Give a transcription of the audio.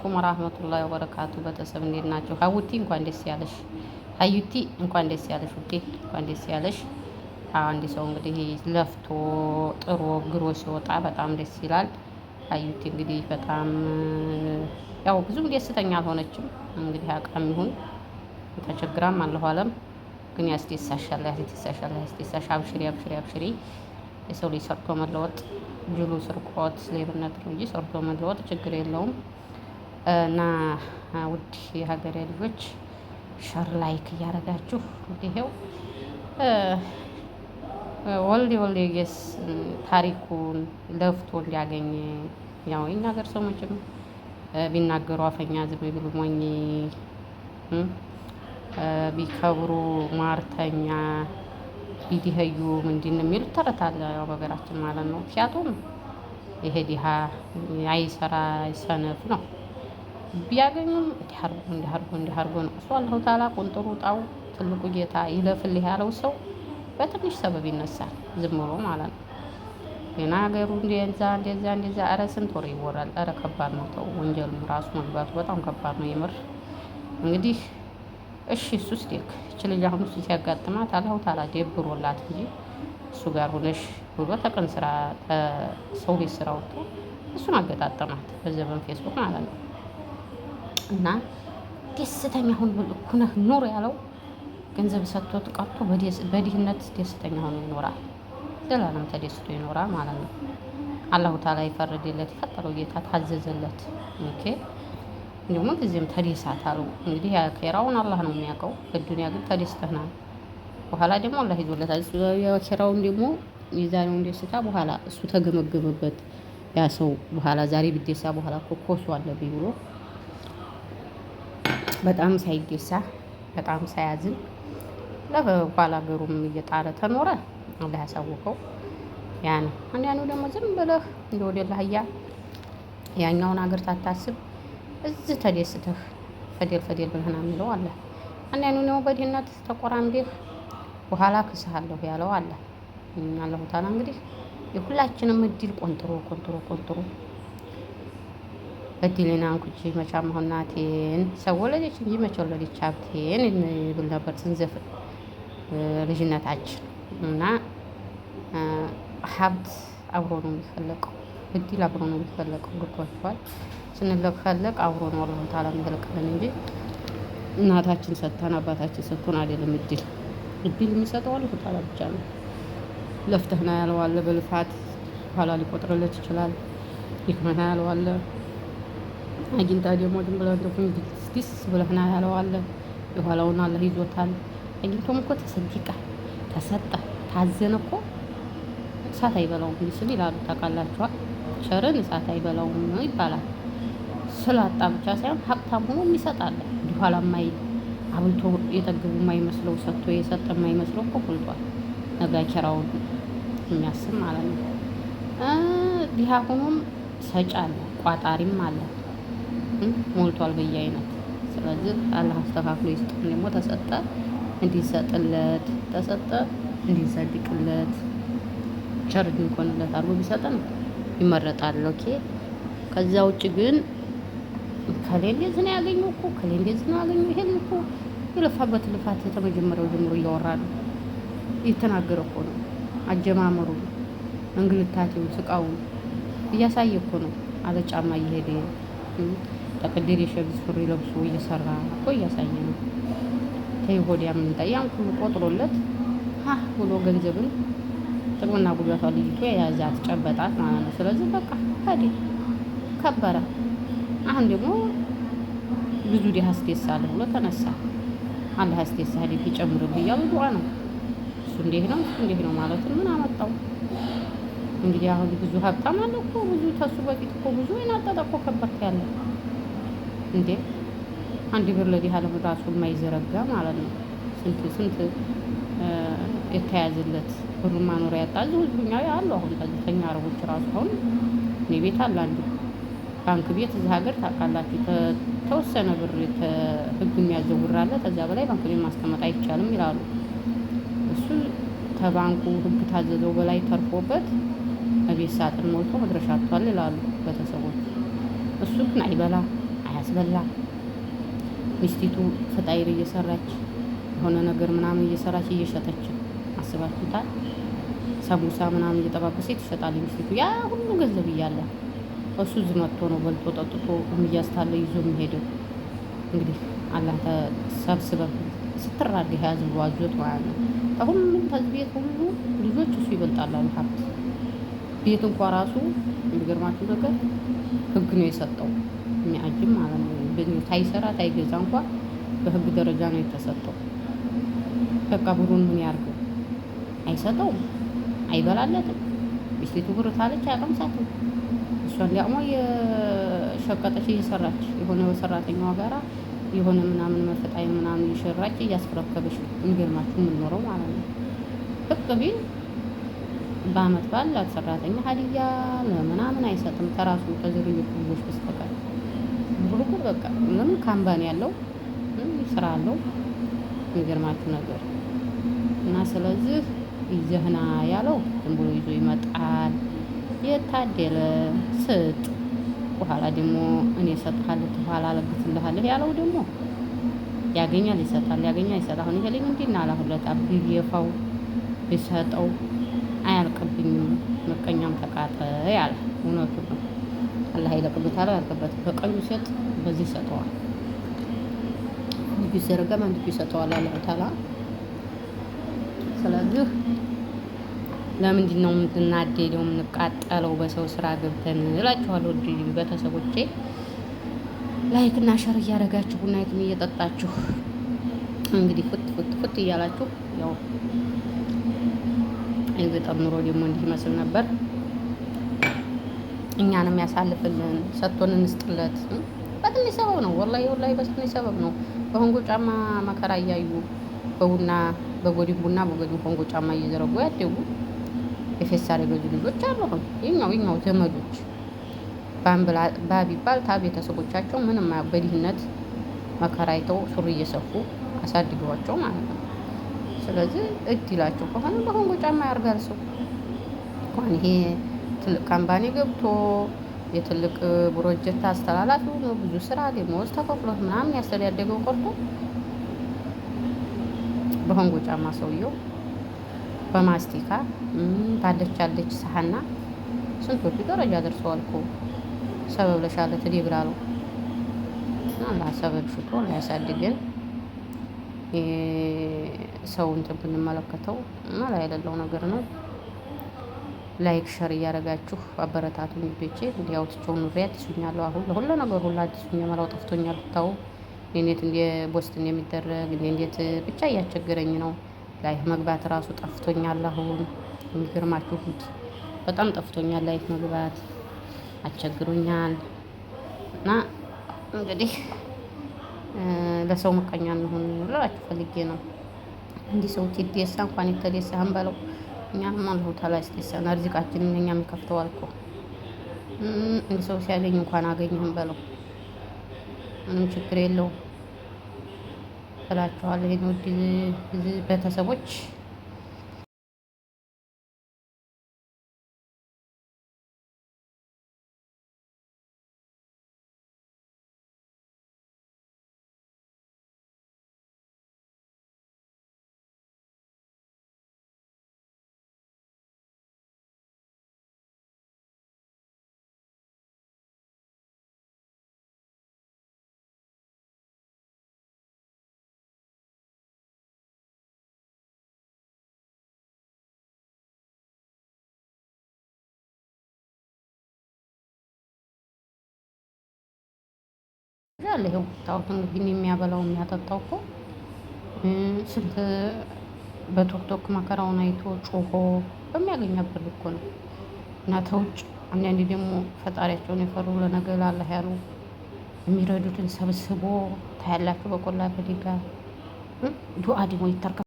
ቁም ረህመቱላሂ ወበረካቱ ቤተሰብ እንዴት ናቸው? ሀውቲ እንኳን ደስ ያለሽ፣ ሀዩቲ እንኳን ደስ ያለሽ፣ ውዴ እንኳን ደስ ያለሽ። አንድ ሰው እንግዲህ ለፍቶ ጥሮ ግሮ ሲወጣ በጣም ደስ ይላል። ሀዩቲ እንግዲህ በጣም ያው ብዙም ደስተኛ አልሆነችም። እንግዲህ አቅም ይሁን ተቸግራም አለሁ አለም ግን ያስደሳሻል፣ ያስደሳሻል፣ ያስደሳሽ። አብሽሪ፣ አብሽሪ፣ አብሽሪ። የሰው ልጅ ሰርቶ መለወጥ ጅሉ ስርቆት፣ ሌብነት ነው እንጂ ሰርቶ መለወጥ ችግር የለውም። እና ውድ የሀገሬ ልጆች ሸር ላይክ እያደረጋችሁ ይሄው ወልዴ ወልዴ ጌስ ታሪኩን ለፍቶ እንዲያገኝ ያው እኛ ሀገር ሰው ቢናገሩ አፈኛ ዝም ቢሉ ሞኝ ቢከብሩ ማርተኛ ቢዲህዩ ምንድን የሚሉት ተረታለ ያው በሀገራችን ማለት ነው። ምክንያቱም ይሄ ዲሃ አይሰራ ሰነፍ ነው። ቢያገኙም እንዲህ አድርጎ እንዲህ ነው እሱ አላሁ ታላ ቁንጥሩ ጣው ትልቁ ጌታ ይለፍልህ ያለው ሰው በትንሽ ሰበብ ይነሳል፣ ዝም ብሎ ማለት ነው። ግን ሀገሩ እንደዛ እንደዛ እንደዛ፣ ኧረ ስንት ወሬ ይወራል። ኧረ ከባድ ነው ተው። ወንጀሉም ራሱ መግባቱ በጣም ከባድ ነው። የምር እንግዲህ እሺ፣ እሱ ስቴክ እች ልጅ አሁን እሱ ሲያጋጥማት አላሁ ታላ ደብሮላት እንጂ እሱ ጋር ሆነሽ ብሎ ተቀን ስራ ሰው ቤት ስራ ወጥቶ እሱን አገጣጠማት በዘበን ፌስቡክ ማለት ነው። እና ደስተኛ ሁን ሁነህ ኑር ያለው ገንዘብ ሰጥቶት ቀርቶ በድህነት ደስተኛ ሆኖ ይኖራል። ዘላለም ተደስቶ ይኖራል ማለት ነው። አላሁ ታላ የፈረደለት የፈጠረው ጌታ ታዘዘለት። ኦኬ እንዲሁም ጊዜም ተደሳት አሉ። እንግዲህ አኼራውን አላህ ነው የሚያውቀው። በዱኒያ ግን ተደስተናል። በኋላ ደግሞ አላህ ይዞለታል። አኼራውን ደግሞ የዛሬውን ደስታ በኋላ እሱ ተገመገመበት። ያ ሰው በኋላ ዛሬ ብደሳ በኋላ ኮኮሱ አለብኝ ብሎ በጣም ሳይገሳ በጣም ሳያዝን ለባል ሀገሩም እየጣለ ተኖረ አላህ ያሳውቀው። ያ ነው። አንዳንዱ ደግሞ ዝም ብለህ እንደ ወደ ላህያ ያኛውን ሀገር ታታስብ እዚህ ተደስተህ ፈደል ፈዴል ብለህ ነው የሚለው አለ። አንዳንዱ ደግሞ በድህነት ተቆራምደህ በኋላ ክስሃለሁ ያለው አለ። አላሁ ተዓላ እንግዲህ የሁላችንም እድል ቆንጥሮ ቆንጥሮ ቆንጥሮ እድሌን አንኩጂ መቻም እናቴን ሰው ወለደች እንጂ መቼ ወለደች ሀብቴን እንብል ነበር ስንዘፍን ልጅነታችን። እና ሀብት አብሮ ነው የሚፈለቀው፣ እድል አብሮ ነው የሚፈለቀው። ግቷቸዋል ስንለፈለቅ አብሮ ነው አላሁ ታላ የሚፈለቅልን እንጂ እናታችን ሰጥተን አባታችን ሰጥቶን አይደለም። እድል እድል የሚሰጠው አላሁ ታላ ብቻ ነው። ለፍተህና ያለዋለ በልፋት ኋላ ሊቆጥርለት ይችላል። ይክመና ያለዋለ አግኝታ ደግሞ ዝም ብለን ትኩኝ ዲስ ብለህና ያለው አለ የኋላውን አለ ይዞታል። አግኝቶም እኮ ተሰዲቃ ተሰጠ ታዘነ እኮ እሳት አይበላውም ስል ይላሉ። ታውቃላችኋል፣ ቸርን እሳት አይበላውም ይባላል። ስላጣ ብቻ ሳይሆን ሀብታም ሆኖ የሚሰጣለ ኋላ ማይ አብልቶ የጠገቡ የማይመስለው ሰጥቶ የሰጠ የማይመስለው እኮ ቁልጧል። ነገ ኪራውን የሚያስብ ማለት ነው። ዲሃ ሆኖም ሰጪ አለ፣ ቋጣሪም አለ። ሞልቷል በየአይነት። ስለዚህ አላህ አስተካክሎ ይስጥን። ደግሞ ተሰጠ እንዲሰጥለት ተሰጠ እንዲሰድቅለት ቸር እንዲሆንለት አድርጎ ቢሰጠን ይመረጣል። ኦኬ። ከዛ ውጭ ግን ከሌ እንደዚህ ነው ያገኘው እኮ ከሌ እንደዚህ ነው ያገኘው ይሄን እኮ የለፋበት ልፋት የተመጀመሪያው ጀምሮ እያወራ ነው እየተናገረ እኮ ነው። አጀማመሩ እንግልታቴው፣ ስቃውን እያሳየ እኮ ነው። አለ ጫማ እየሄደ ተቅድር የሸሚዝ ሱሪ ለብሶ እየሰራ እኮ እያሳየ ነው። ተይሆድ ያምንጣ ያን ሁሉ ቆጥሮለት ሀ ብሎ ገንዘብን ጥቅምና ጉዳቷ ልጅቱ የያዛት ጨበጣት ማለት ነው። ስለዚህ በቃ ታዲ ከበረ። አሁን ደግሞ ብዙ ዲህ አስቴሳ አለ ብሎ ተነሳ። አላህ አስደሳህ ዲህ ይጨምርልህ እያሉ ዱዓ ነው። እሱ እንዲህ ነው፣ እሱ እንዲህ ነው ማለትን ምን አመጣው? እንግዲህ አሁን ብዙ ሀብታም አለ እኮ ብዙ ተሱ በፊት እኮ ብዙ ይናጠጠ እኮ ከበርት ያለ እንዴ አንድ ብር ለዚህ ዓለም ራሱን የማይዘረጋ ማለት ነው። ስንት ስንት የተያዘለት ብሩ ማኖሪያ ያጣ ህዝቡኛ አሉ። አሁን ጋዜጠኛ አረቦች ራሱ አሁን እኔ ቤት አለ አንዱ ባንክ ቤት እዚህ ሀገር ታውቃላችሁ፣ ተወሰነ ብር ህግ የሚያዘውራለ ከዚያ በላይ ባንክ ቤት ማስቀመጥ አይቻልም ይላሉ። እሱ ከባንኩ ህግ ታዘዘው በላይ ተርፎበት ቤት ሳጥን ሞልቶ መድረሻቷል ይላሉ ቤተሰቦች። እሱ ግን አይበላ አስበላ። ሚስቲቱ ፈጣይር እየሰራች የሆነ ነገር ምናምን እየሰራች እየሸጠች አስባችሁታል? ሰሙሳ ምናምን እየጠባበሰ ትሸጣለች ሚስቲቱ። ያ ሁሉ ገንዘብ እያለ እሱ እዚህ መጥቶ ነው በልቶ ጠጥቶ እያስታለ ይዞ የሚሄደው። እንግዲህ አላህ ተሰብስበን ስትራድ ያዝ ዋዞት ማለት ነው። ከሁሉም ተዝቤት ሁሉ ልጆች እሱ ይበልጣል አሉ ሀብት ቤት እንኳ ራሱ የሚገርማችሁ ነገር ህግ ነው የሰጠው የሚያጅም ማለት ነው። ታይሰራ ታይገዛ እንኳ በህግ ደረጃ ነው የተሰጠው። በቃ ብሩን ምን ያርገው? አይሰጠውም፣ አይበላለትም። ሚስቴቱ ብር ታለች አያቀምሳትም። እሷ እንዲያቅሞ የሸቀጠች እየሰራች የሆነ ሰራተኛዋ ጋራ የሆነ ምናምን መፈጣይ ምናምን እየሸራች እያስፈረከበች ነው። የሚገርማችሁ የምንኖረው ማለት ነው። ብቅ ቢል በአመት ባላት ሰራተኛ ሀዲያ ለምናምን አይሰጥም ከራሱ ከዝርዩ ልጆች በስተቀር በቃ ምንም ካምባን ያለው ስራ አለው የሚገርማችሁ ነገር እና ስለዚህ ይዘህና ያለው ዝም ብሎ ይዞ ይመጣል። የታደለ ስጥ በኋላ ደግሞ እኔ እሰጥሃለሁ በኋላ አለግስልሃለሁ ያለው ደግሞ ያገኛል ይሰጣል፣ ያገኛል ይሰጣል። አሁን ይሄ ልጅ እንዲና አላሁለታ ብየፋው ቢሰጠው አያልቅብኝም ምቀኛም ተቃጠ ያለ እውነቱ ነው። አላህ ይለቅሉት አለ ያልከበት በቀኙ ይሰጥ በዚህ ይሰጠዋል። ንጉስ ይዘረጋም አንድ ልጁ ይሰጠዋል አላህ ታላ። ስለዚህ ለምንድን ነው የምናደደው የምንቃጠለው በሰው ስራ ገብተን እላችኋለሁ። ወዲ ቤተሰቦቼ ላይክ እና ሸር እያደረጋችሁ ቡና የትም እየጠጣችሁ እንግዲህ ፉት ፉት ፉት እያላችሁ ያው የገጠር ኑሮ ደግሞ እንዲህ ይመስል ነበር። እኛንም ያሳልፍልን ሰጥቶን እንስጥለት። በትንሽ ሰበብ ነው ወላሂ ወላሂ በትንሽ ሰበብ ነው። በሆንጎ ጫማ መከራ እያዩ በቡና በጎዲን ቡና በጎዲን ሆንጎ ጫማ እየዘረጉ ያደጉ የፌሳር የገዙ ልጆች አሉ። አሁን የኛው የኛው ዘመዶች ባ ቢባል ታ ቤተሰቦቻቸው ምንም በድህነት መከራ አይተው ሱሪ እየሰፉ አሳድገዋቸው ማለት ነው። ስለዚህ እድላቸው ከሆነ በሆንጎ ጫማ ያርጋል ሰው እንኳን ይሄ ትልቅ ካምፓኒ ገብቶ የትልቅ ፕሮጀክት አስተላላፊ ሆኖ ብዙ ስራ ደሞዝ ተከፍሎት ምናምን ያስተዳደገው ቆርጦ በሆንጎ ጫማ ሰውየው በማስቲካ ባለች አለች ሳህና ስንቶቹ ደረጃ ደርሰዋል እኮ ሰበብ ለሻለ ትዲ ብላሉ አላ ሰበብ ሽቶ ላያሳድግን ሰውን ብንመለከተው እና ላይ የሌለው ነገር ነው። ላይክ ሸር እያደረጋችሁ አበረታቱ። ቤቼ እንዲያው ትቼው ኑሬ አዲሱኛለሁ። አሁን ለሁሉ ነገር ሁሉ አዲሱኛ መላው ጠፍቶኛል። ታው እንዴት እንደ ቦስትን የሚደረግ እንዴት ብቻ እያስቸገረኝ ነው። ላይፍ መግባት ራሱ ጠፍቶኛል። አሁን የሚገርማችሁ ሁሉ በጣም ጠፍቶኛል። ላይፍ መግባት አስቸግሮኛል። እና እንግዲህ ለሰው መቀኛ እንሆን ብላችሁ ፈልጌ ነው እንዲህ ሰው ትዴሳ እንኳን የተደሳ አንበለው እኛም አላሁ ተዓላ ያስደሰና ርዚቃችንን እኛም ይከፍተዋል እኮ እንደ ሰው ሲያገኝ እንኳን አገኘህም በለው ምንም ችግር የለውም እላችኋለሁ። ይህን ውድ ቤተሰቦች ያለ ይኸው ቁጣውት ግን የሚያበላው የሚያጠጣው እኮ ስንት በቶክቶክ መከራውን አይቶ ጮሆ በሚያገኛበት እኮ ነው። እና ተውጭ አንዳንዴ ደግሞ ፈጣሪያቸውን የፈሩ ለነገ ላላህ ያሉ የሚረዱትን ሰብስቦ ታያላችሁ። በቆላ በዲጋ ዱአ ደግሞ ይተርከ